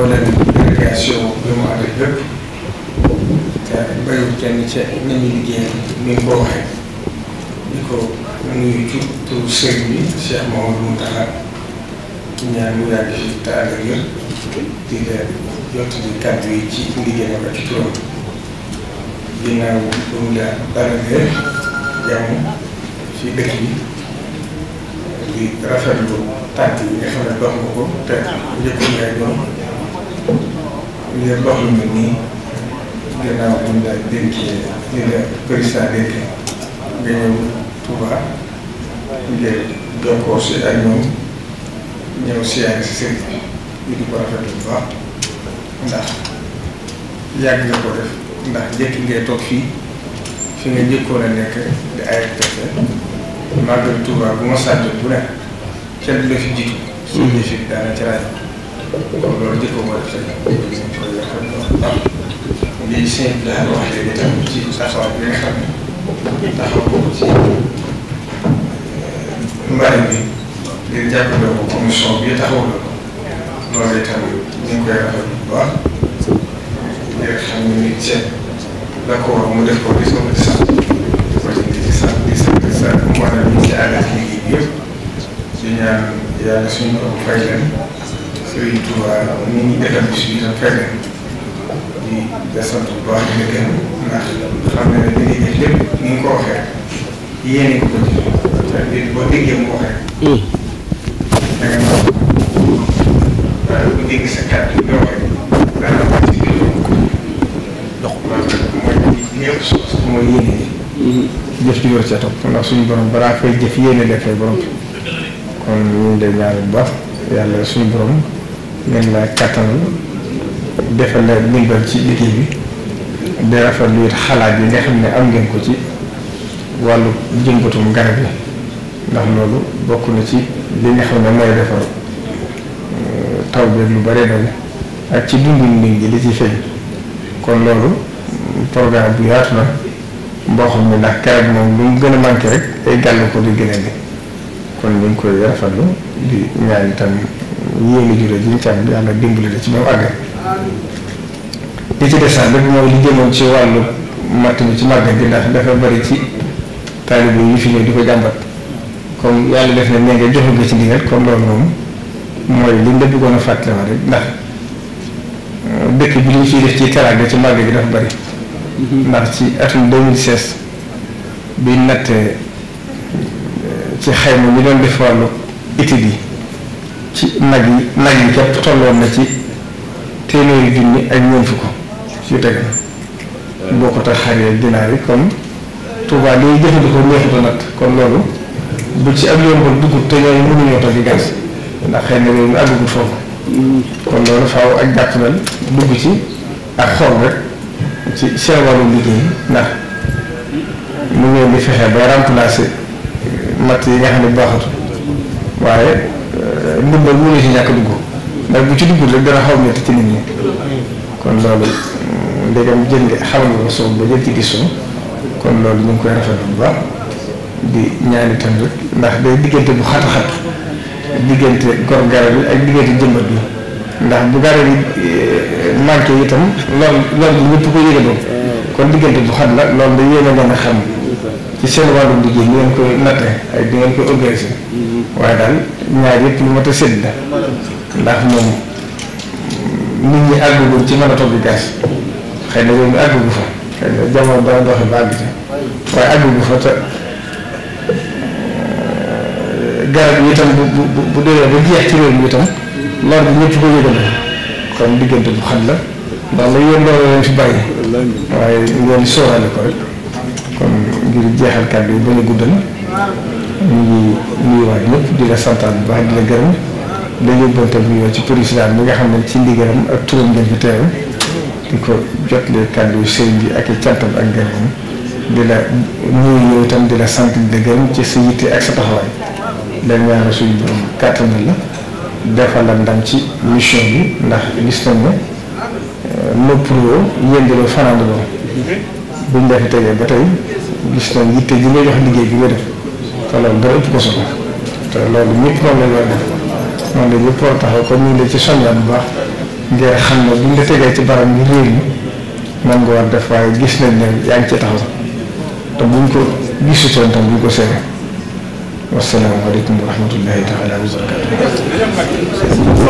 mboolem délégation bi mu ànd ak te bàyyiwul kenn ca nañu liggéey ni mu ko waxee ko nuyu ci turu sëriñ bi Cheikh Mamadou Mountakha ñaan mu yàgg fi te ànd ak yëpp di leen jottali kàddu yi ci liggéey ba ci turam ginnaaw bu mu la balalee jàmm ci dëkk bi di rafetlu tànk yi nga xam ne dox nga ko te njëkkoon ngay doon ñu leen wax lu mel nii gannaaw bu ñu daan dénkee ñu ne président nga ñëw Touba ngir jokkoo si ak ñoom ñëw siyaare si sëriñ bi di ko rafetlu bu baax ndax yàgg nga ko def ndax njëkk ngay toog fii fi nga njëkkoon a nekk di ay pexe màggal Touba bu ma sànni bu ne kenn du la fi jiitu. suñu yëf daana ci rajo. kon loolu jëfoo moo def sëñ bi nga xam ne taxaw boobu ci mbay mi ngir jàppale ko commission bi taxaw la loolu itam ñu ngi koy rafetlu bu baax ngir xam ne nit seen la ko war mu ko gis nga ko di sant parce que ci sant di sant di sant mu war a ci àll ak liggéey bi Serigne Touba ñu bi suñu sa fekk di de sant bu ko waxee ci te hmm. dox mooy ñëpp source mooy yéene hmm. ji. jëf ca topp ndax suñu borom balaa fay jëf yéene dafay borom kon ñu ngi lay bu baax yàlla suñu borom. gën laa kattanal defal la ndimbal ci liggéey bi di rafetlu it xalaat yi nga xam ne am ngeen ko ci wàllu jëmbatum garab yi ndax loolu bokk na ci li nga xam ne mooy defar euh, taw bi lu bare bare ak ci dundin nit ñi li ci feeñ kon loolu programme bu yaatu na boo xam ne ndax garab moom lu mu gën a manqué rek ay gàll ko di gën a kon ñu ngi koy rafetlu di ñaan itam wóolu jure ji ñu ci am yàlla dimbali la ci ba mu àgg li ci des nag rek mooy li jëmoon ci wàllu matt mi ci màggal gi ndax dafa bari ci taalibe yi fi ñëw di ko jàmbat kon yàlla def na ne nga joxe nga ci ndigal comme loolu moom mooy liñ la bëggoon a fàttali ma rek ndax euh, dëkk bi ñu fiy def ci teraanga ci màgg gi dafa bari ndax ci atum 2016 bi natt euh, ci xayma ñu doon def wàllu étude yi ci nag yi nag yi képp tolloon na ci téeméeri junni ak ñeent fukk yu teg na boo ko tax xar yi dinaar yi kon Touba li ñuy jëfandikoo neexuta nat kon loolu bu ci am yoon kon dugub te ndax xëy na loolu àggagul foofu ak jàpp nañ dugg ci ak xool rek ci seen wàllu liggéey ndax mu ngeen di fexe ba remplacer matt yi nga xam ne baaxatu waaye ndimbal mënu ci ñàkk dugg ndax bu ci dugg rek dana xaw a métti ci nit ñi kon loolu mm, ndegam jël nga xamal nga ci gis kon loolu ñu ngi koy rafetlu bu baax di ñaan itam ndax day diggante bu xat-xat diggante gor garab yi ak diggante jëmbat bi ndax bu garab yi eh, manqué itam loolu loolu ñëpp ko yëgandoo kon diggante bu xat la loolu day yéeme nga xam. ci seen wàllu liggéey ñu ngeen koy natte ay di ngeen koy organisé mm-hmm. waaye daal ñaar yëpp ñu mat a sédd la ndax moom nit ñi àggugu ci mën a togg gaz xëy na yooyu àggugu fa xëy na jamono eh, ba jeex ci réew mi itam loolu bi ko yëgal kon diggante bu xat la ndax la yoon loolu leen fi bàyyi waaye ngeen sóoraale ko rek jeexal kàddu yi ba la guddal ñu ngi nuyuwaat ñëpp di santaan santaat bu baax di gërëm da yóbbante bu ñëw ci président bi nga xam ne ci ndigalam ak turam ngeen fi teew di ko jotlee kàddu yu sëriñ bi ak i ak gërëm di sant di ci sa yitte ak sa taxawaay la ñaanal suñu borom kàttan la defal ndam ci mission bi ndax gis nañ ne euh, noppaloo yëngaloo fanaanaloo buñ la fi tegee ba tey gis nañ yitte gi nga jox liggéey bi nga def te loolu ëpp ko solo te loolu ñëpp noonu la ñu war def noonu la ñëpp taxaw kon ñu ngi ci soññaat bu baax ngir xam ne buñ la tegee ci barab bi réer mi man nga war def waaye gis nañ ne yaa ngi ci taxaw te buñ ko gisutoon tam buñ ko seere wasalaamaaleykum wa rahmatullahi taala wa barakatu